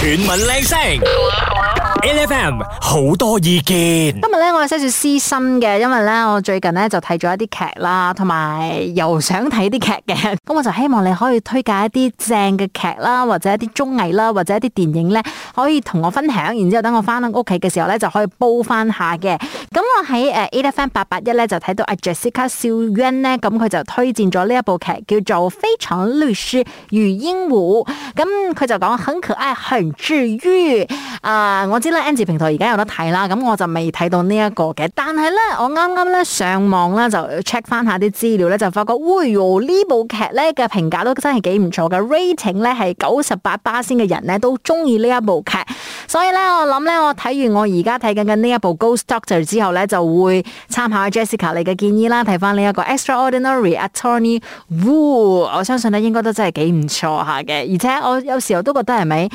全民靚聲，AiFM 好多意見。今日咧，我有少少私心嘅，因為咧，我最近咧就睇咗一啲劇啦，同埋又想睇啲劇嘅，咁我就希望你可以推介一啲正嘅劇啦，或者一啲綜藝啦，或者一啲電影咧，可以同我分享，然之後等我翻到屋企嘅時候咧，就可以煲翻下嘅。咁我喺誒 AiFM 八八一咧，就睇到、啊、Jessica 笑淵呢，咁佢就推薦咗呢一部劇叫做《非常律師禹英禑》，咁佢就講很可愛，至於啊，我知啦 Angie 平台而家有得睇啦，咁我就未睇到呢、這、一個嘅。但係咧，我啱啱咧上網咧就 check 翻下啲資料咧，就發覺，哎喲，呢部劇咧嘅評價都真係幾唔錯嘅，rating 咧係九十八巴仙嘅人咧都中意呢一部劇。所以咧，我諗咧，我睇完我而家睇緊緊呢一部 Ghost Doctor 之後咧，就會參考下 Jessica 你嘅建議啦，睇翻呢一個 Extraordinary Attorney Woo，我相信咧應該都真係幾唔錯下嘅。而且我有時候都覺得係咪，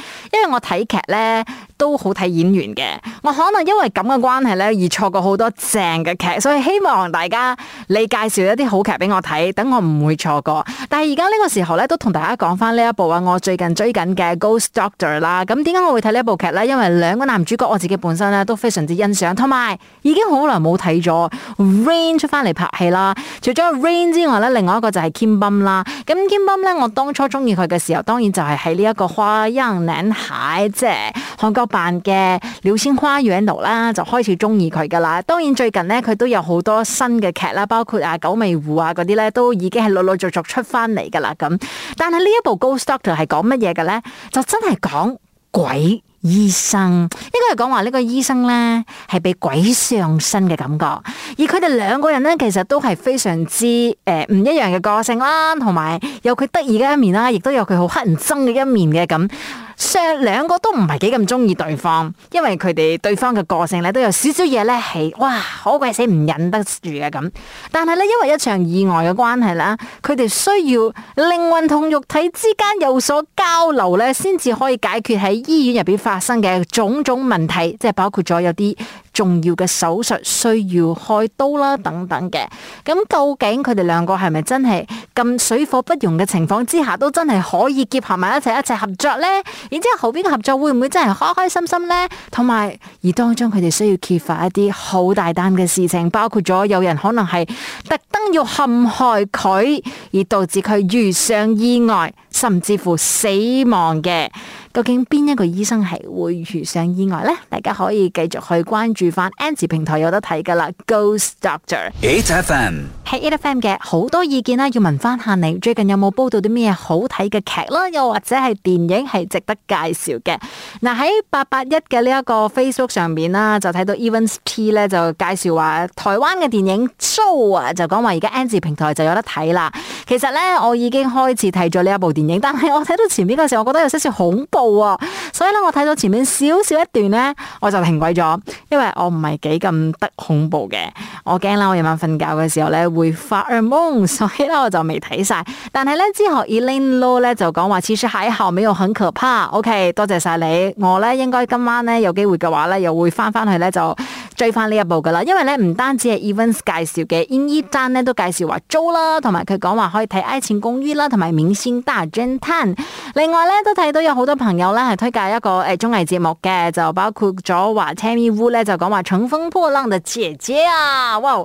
我睇劇咧都好睇演員嘅，我可能因為咁嘅關係咧而錯過好多正嘅劇，所以希望大家你介紹一啲好劇俾我睇，等我唔會錯過。但係而家呢個時候咧，都同大家講翻呢一部啊，我最近追緊嘅《Ghost Doctor》啦。咁點解我會睇呢部劇咧？因為兩個男主角我自己本身咧都非常之欣賞，同埋已經好耐冇睇咗 Rain 出翻嚟拍戲啦。除咗 Rain 之外咧，另外一個就係、是、Kim Bum 啦。咁 Kim Bum 咧，我當初中意佢嘅時候，當然就係喺呢一個《花即係韓國版嘅《流星花園》啦，就開始中意佢噶啦。當然最近呢，佢都有好多新嘅劇啦，包括啊《九尾狐》啊嗰啲咧，都已經係陸陸續續出翻嚟噶啦咁。但係呢一部《Ghost Doctor》係講乜嘢嘅咧？就真係講鬼醫生，應該係講話呢個醫生咧係被鬼上身嘅感覺。而佢哋兩個人咧，其實都係非常之誒唔一樣嘅個性啦，同埋有佢得意嘅一面啦，亦都有佢好乞人憎嘅一面嘅咁。上兩個都唔係幾咁中意對方，因為佢哋對方嘅個性咧都有少少嘢，咧係哇好鬼死唔忍得住啊，咁。但係咧因為一場意外嘅關係啦，佢哋需要靈魂同肉體之間有所交流咧，先至可以解決喺醫院入邊發生嘅種種問題，即係包括咗有啲。重要嘅手術需要開刀啦，等等嘅。咁究竟佢哋兩個係咪真係咁水火不容嘅情況之下，都真係可以結合埋一齊一齊合作呢？然之後後邊嘅合作會唔會真係開開心心呢？同埋而當中佢哋需要揭發一啲好大單嘅事情，包括咗有人可能係特登要陷害佢，而導致佢遇上意外。甚至乎死亡嘅，究竟邊一個醫生係會遇上意外咧？大家可以繼續去關注翻，Ans 平台有得睇噶啦，Ghost Doctor，8 FM 係8 FM 嘅好多意見啦，要問翻下你最近有冇煲到啲咩好睇嘅劇啦，又或者係電影係值得介紹嘅嗱。喺八八一嘅呢一個 Facebook 上面啦，就睇到 Evans P 咧就介紹話台灣嘅電影 show 啊，就講話而家 Ans 平台就有得睇啦。其實咧我已經開始睇咗呢一部電影。但係我睇到前面嗰時候，我覺得有少少恐怖啊，哦，所以咧我睇到前面少少一段咧，我就停鬼咗，因為我唔係幾咁得恐怖嘅，我驚啦，我夜晚瞓覺嘅時候咧會發噩夢，所以咧我就未睇晒。但係咧之後 Elaine Lo 咧就講話，似實喺後面又很可怕。OK，多謝晒你，我咧應該今晚咧有機會嘅話咧又會翻翻去咧就。追翻呢一部噶啦，因為咧唔單止係 Evans 介紹嘅 Iniesta 咧都介紹話租啦，同埋佢講話可以睇愛情公寓啦，同埋明星大偵探。另外咧都睇到有好多朋友咧係推介一個誒綜藝節目嘅，就包括咗話 Tammy Wood 咧就講話《乘風破浪嘅姐姐》啊，哇！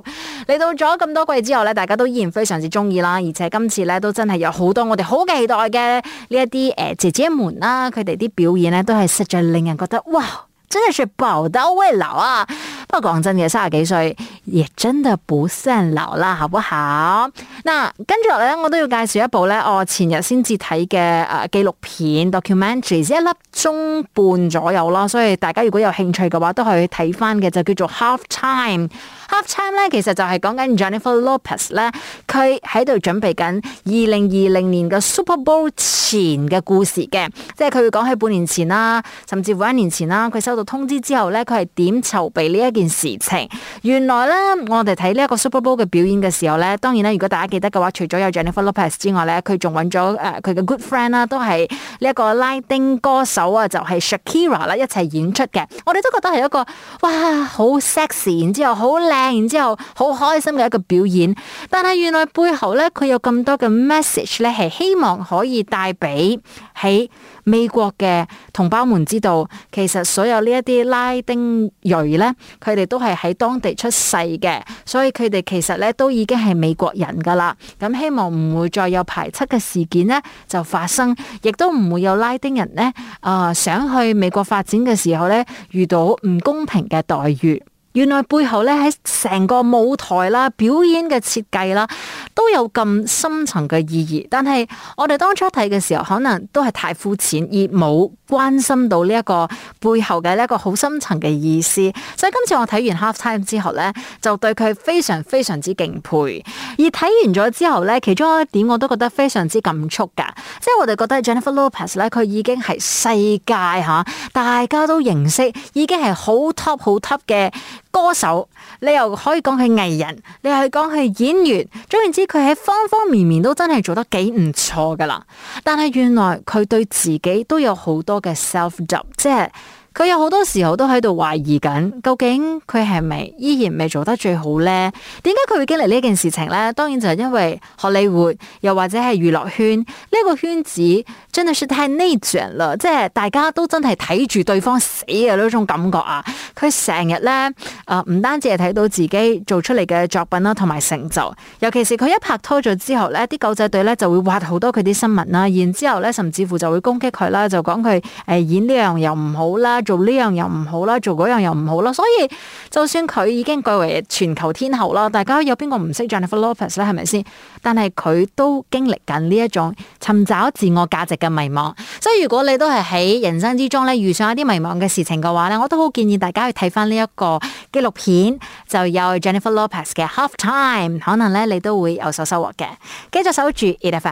嚟到咗咁多季之後咧，大家都依然非常之中意啦，而且今次咧都真係有好多我哋好期待嘅呢一啲誒姐姐們啦，佢哋啲表演呢都係實在令人覺得哇！Wow, 真係是寶刀未老啊！不過講真嘅，三十幾歲。也、yeah, 真的不算流啦，好不好？嗱，跟住落嚟咧，我都要介紹一部咧，我前日先至睇嘅誒紀錄片 documentaries，一粒鐘半左右啦，所以大家如果有興趣嘅話，都可以睇翻嘅，就叫做 Half Time。Half Time 咧，其實就係講緊 Jennifer Lopez 咧，佢喺度準備緊二零二零年嘅 Super Bowl 前嘅故事嘅，即係佢會講喺半年前啦，甚至乎一年前啦，佢收到通知之後咧，佢係點籌備呢一件事情？原來嗯、我哋睇呢一個 Super Bowl 嘅表演嘅時候咧，當然啦，如果大家記得嘅話，除咗有 Jennifer Lopez 之外咧，佢仲揾咗誒佢嘅 good friend 啦、啊，都係呢一個拉丁歌手啊，就係、是、Shakira 啦一齊演出嘅。我哋都覺得係一個哇好 sexy，然之後好靚，然之後好開心嘅一個表演。但係原來背後咧，佢有咁多嘅 message 咧，係希望可以帶俾喺美國嘅同胞們知道，其實所有呢一啲拉丁裔咧，佢哋都係喺當地出世。係嘅，所以佢哋其實咧都已經係美國人噶啦，咁希望唔會再有排斥嘅事件咧就發生，亦都唔會有拉丁人咧啊想去美國發展嘅時候咧遇到唔公平嘅待遇。原來背後咧喺成個舞台啦、表演嘅設計啦，都有咁深層嘅意義。但係我哋當初睇嘅時候，可能都係太膚淺，而冇關心到呢一個背後嘅呢一個好深層嘅意思。所以今次我睇完 Half Time 之後咧，就對佢非常非常之敬佩。而睇完咗之後咧，其中一點我都覺得非常之感觸㗎，即係我哋覺得 Jennifer Lopez 咧，佢已經係世界嚇大家都認識，已經係好 top 好 top 嘅。歌手，你又可以講佢藝人，你又可以講佢演員，總言之佢喺方方面面都真係做得幾唔錯噶啦。但係原來佢對自己都有好多嘅 self doubt，即係。佢有好多時候都喺度懷疑緊，究竟佢係咪依然未做得最好呢？點解佢會經歷呢件事情呢？當然就係因為荷里活，又或者係娛樂圈呢、這個圈子，真係說太內捲啦，即係大家都真係睇住對方死嘅嗰種感覺啊！佢成日呢，誒、呃、唔單止係睇到自己做出嚟嘅作品啦，同埋成就，尤其是佢一拍拖咗之後呢，啲狗仔隊呢就會挖好多佢啲新聞啦，然之後咧甚至乎就會攻擊佢啦，就講佢誒演呢樣又唔好啦。做呢樣又唔好啦，做嗰樣又唔好啦，所以就算佢已經貴為全球天后啦，大家有邊個唔識 Jennifer Lopez 咧？係咪先？但係佢都經歷緊呢一種尋找自我價值嘅迷茫。所以如果你都係喺人生之中咧遇上一啲迷茫嘅事情嘅話咧，我都好建議大家去睇返呢一個紀錄片，就有 Jennifer Lopez 嘅 Half Time，可能咧你都會有所收穫嘅。繼續守住 Ai FM，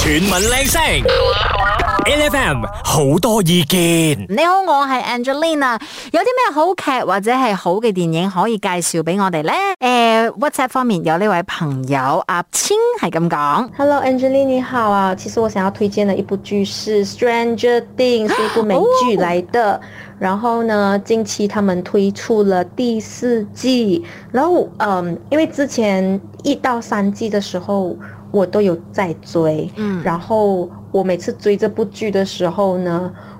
全民靚聲。L.F.M. 好多意見。你好，我係 Angelina。有啲咩好劇或者係好嘅電影可以介紹俾我哋呢？誒、欸、WhatsApp 方面有呢位朋友阿青係咁講。Hello，Angelina 你好啊。其實我想要推薦嘅一部劇是《Stranger Things》，是一部美劇嚟的。Oh! 然後呢，近期他們推出了第四季。然後，嗯，因為之前一到三季的時候我都有在追。嗯、mm.。然後。我每次追這部劇的時候呢。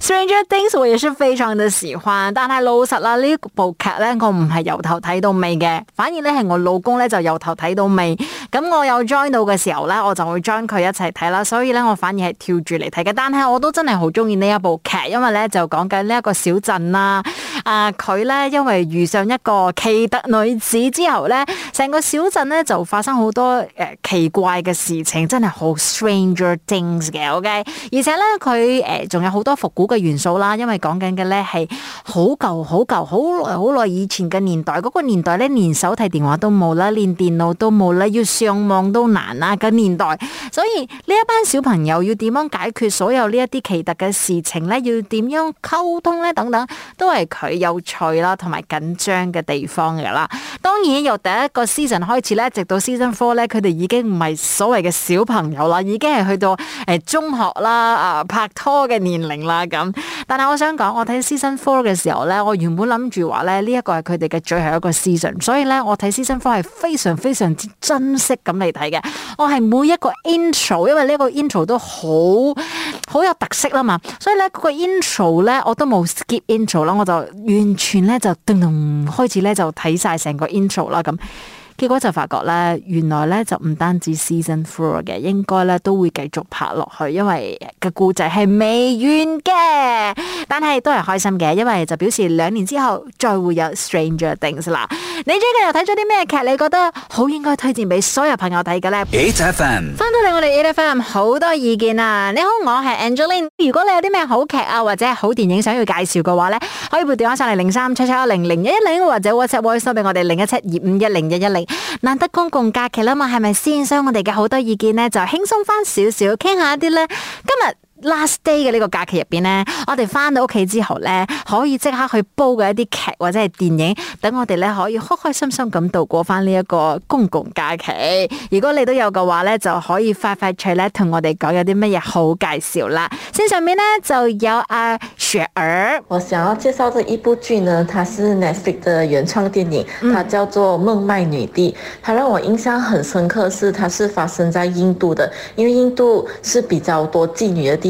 Stranger Things 我也是非常的喜歡，但是老實啦呢部劇咧，我唔係由頭睇到尾嘅，反而是我老公咧就由頭睇到尾。咁、嗯、我有 join 到嘅時候咧，我就會將佢一齊睇啦。所以咧，我反而係跳住嚟睇嘅。但係我都真係好中意呢一部劇，因為咧就講緊呢一個小鎮啦。啊、呃，佢咧因為遇上一個奇特女子之後咧，成個小鎮咧就發生好多、呃、奇怪嘅事情，真係好 stranger things 嘅。OK，而且咧佢誒仲有好多復古嘅元素啦，因為講緊嘅咧係好舊、好舊、好耐、好耐以前嘅年代。嗰、那個年代咧連手提電話都冇啦，連電腦都冇啦，要望望都難啊嘅年代，所以呢一班小朋友要點樣解決所有呢一啲奇特嘅事情呢？要點樣溝通呢？等等。都係佢有趣啦，同埋緊張嘅地方嘅啦。當然由第一個 season 開始咧，直到 season four 咧，佢哋已經唔係所謂嘅小朋友啦，已經係去到誒中學啦，啊拍拖嘅年齡啦咁。但係我想講，我睇 season four 嘅時候咧，我原本諗住話咧，呢一個係佢哋嘅最後一個 season，所以咧我睇 season four 係非常非常之珍惜咁嚟睇嘅。我係每一個 intro，因為呢個 intro 都好。好有特色吖嘛，所以咧個 intro 咧，我都冇 skip intro 啦，我就完全咧就咚咚開始咧就睇晒成個 intro 啦咁。結果就發覺咧，原來咧就唔單止 season four 嘅，應該咧都會繼續拍落去，因為個故仔係未完嘅。但係都係開心嘅，因為就表示兩年之後再會有 stranger things 啦。你最近又睇咗啲咩劇？你覺得好應該推薦俾所有朋友睇嘅咧 F M，翻到嚟我哋 H F M 好多意見啊！你好，我係 Angeline。如果你有啲咩好劇啊或者好電影想要介紹嘅話咧，可以撥電話上嚟零三七七一零零一一零，或者 WhatsApp WhatsApp 俾我哋零一七二五一零一一零。難得公共假期啦嘛，係咪先？所以我哋嘅好多意見呢，就輕鬆翻少少，傾下一啲呢。今日。Last Day 嘅呢個假期入邊咧，我哋翻到屋企之後咧，可以即刻去煲嘅一啲劇或者係電影，等我哋咧可以開開心心咁度過翻呢一個公共假期。如果你都有嘅話咧，就可以快快脆咧同我哋講有啲乜嘢好介紹啦。線上面咧就有阿、啊、雪兒，我想要介紹嘅一部劇呢，它是 Netflix 嘅原創電影，它叫做《孟買女帝》。它讓我印象很深刻是，是它是發生在印度的，因為印度是比較多妓女嘅地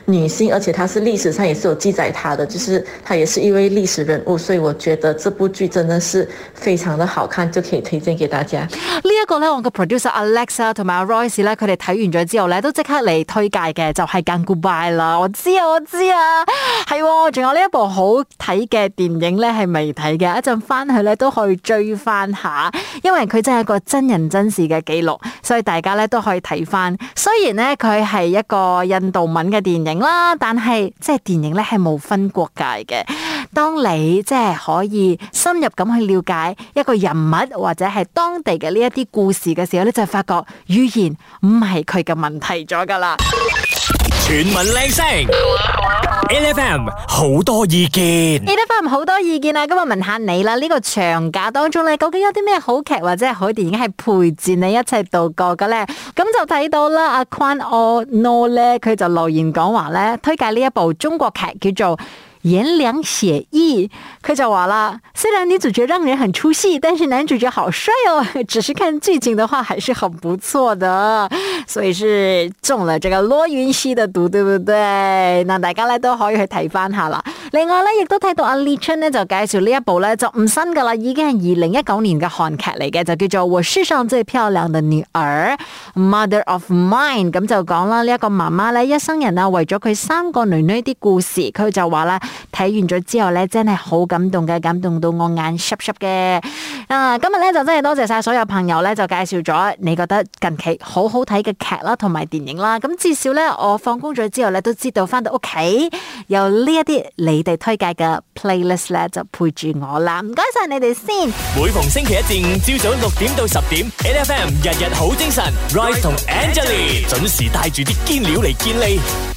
女性，而且她是歷史上也是有記載她的，就是她也是一位歷史人物，所以我覺得這部劇真的是非常的好看，就可以推薦給大家。這個、呢一個咧，我嘅 producer Alexa 同埋 Royce 咧，佢哋睇完咗之後咧，都即刻嚟推介嘅，就係《更 Goodbye》啦。我知啊，我知啊，係、哦，仲有呢一部好睇嘅電影咧，係未睇嘅，一陣翻去咧都可以追翻下，因為佢真係一個真人真事嘅記錄，所以大家咧都可以睇翻。雖然咧佢係一個印度文嘅電影。啦，但係即係電影咧係冇分國界嘅。當你即係可以深入咁去了解一個人物或者係當地嘅呢一啲故事嘅時候咧，你就發覺語言唔係佢嘅問題咗噶啦。全民靚聲 ，L F M 好多意見，L F M 好多意見啊！今日問下你啦，呢、這個長假當中咧，究竟有啲咩好劇或者係好電影係陪住你一齊度過嘅咧？咁就睇到啦，阿、啊、or No 咧，佢就留言講話咧，推介呢一部中國劇叫做。顏良寫意，佢就話啦！雖然女主角讓人很出戲，但是男主角好帥哦。只是看劇情的話，還是很不錯的，所以是中了這個羅雲熙的毒，對不對？那大家咧都可以去睇翻下啦。另外咧，亦都睇到阿、啊、李春咧就介紹呢一部咧就唔新噶啦，已經係二零一九年嘅韓劇嚟嘅，就叫做《我世上最漂亮的女兒》（Mother of Mine）。咁就講啦，呢、這、一個媽媽咧一生人啊為咗佢三個女女啲故事，佢就話咧。睇完咗之後咧，真係好感動嘅，感動到我眼濕濕嘅。啊，今日咧就真係多謝晒所有朋友咧，就介紹咗你覺得近期好好睇嘅劇啦，同埋電影啦。咁至少咧，我放工咗之後咧，都知道翻到屋企由呢一啲你哋推介嘅 playlist 咧，就陪住我啦。唔該晒你哋先。每逢星期一至五朝早六點到十點，NFM 日日好精神，Right 同 Angel、right、Angel。準時帶住啲堅料嚟堅利。